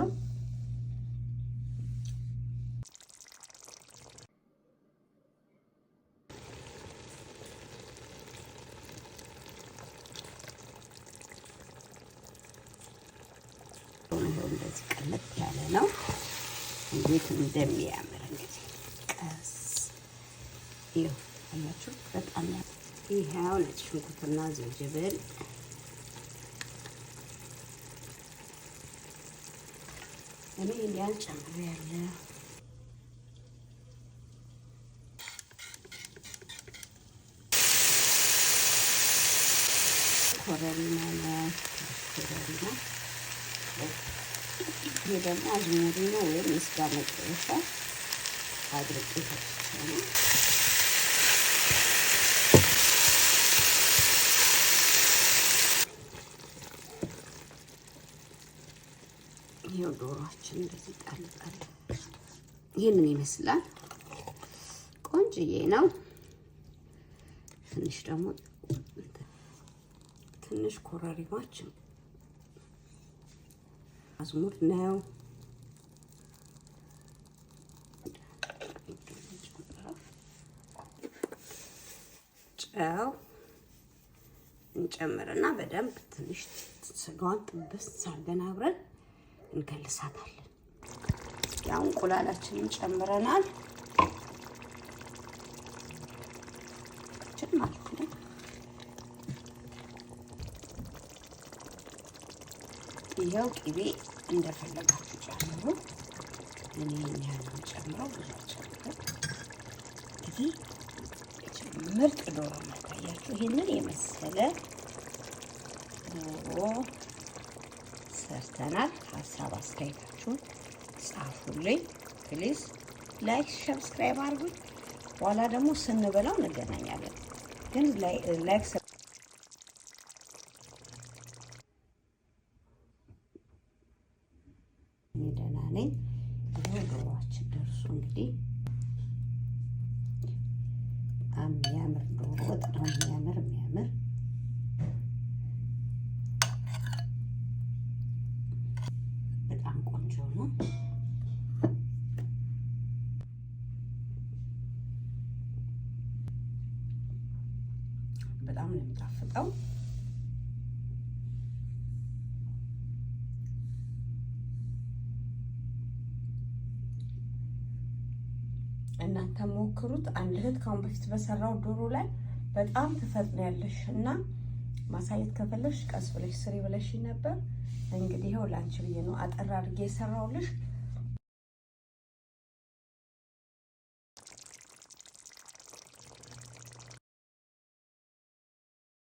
አደርጋለሁ። እንደዚህ ቀለጥ ያለ ነው። እንዴት እንደሚያምር እንግዲህ ቀስ ይኸው አያችሁ። በጣም ይኸው ነጭ ሽንኩርትና ዝንጅብል እኔ ያን ጨምሮ ያለ ኮረሪማ ነው። ኮረሪማ ደግሞ አዝሙሪ ነው ወይም የስጋ መጨረሻ አድርቄ ነው። ይሄው ዶሮአችን እንደዚህ ጣል ጣል ይሄንን ይመስላል። ቆንጅዬ ነው። ትንሽ ደግሞ ትንሽ ኮረሪማችን አዝሙድ ነው። ጨው እንጨምርና በደንብ ትንሽ ስጋዋን ጥብስ አድርገን አብረን እንገልሳታለን። ያው እንቁላላችንን ጨምረናል ይኸው ቅቤ እንደፈለጋችሁ ጨምሩ። እኔ ያህል ጨምረው ብዙ ጨምረው ምርጥ ዶሮ ነው። ታያችሁ ይህንን የመሰለ ዶሮ ሰርተናል። ሀሳብ አስተያየታችሁን ጻፉልኝ ፕሊዝ። ላይክ ሰብስክራይብ አድርጉኝ። በኋላ ደግሞ ስንበላው እንገናኛለን። ግን ላይክ ደህና ነኝ። ይኸው ዶሯችን ደርሶ እንግዲህ የሚያምር ዶሮ በጣም ቆንጆ ነው። በጣም ነው የሚጣፍጠው። እናንተ ሞክሩት። አንድ እህት ካሁን በፊት በሰራው ዶሮ ላይ በጣም ያለሽ እና ማሳየት ከፈለሽ ቀስ ብለሽ ስሪ ብለሽ ነበር። ይኸው ላንቺ ብዬ ነው አጠር አድርጌ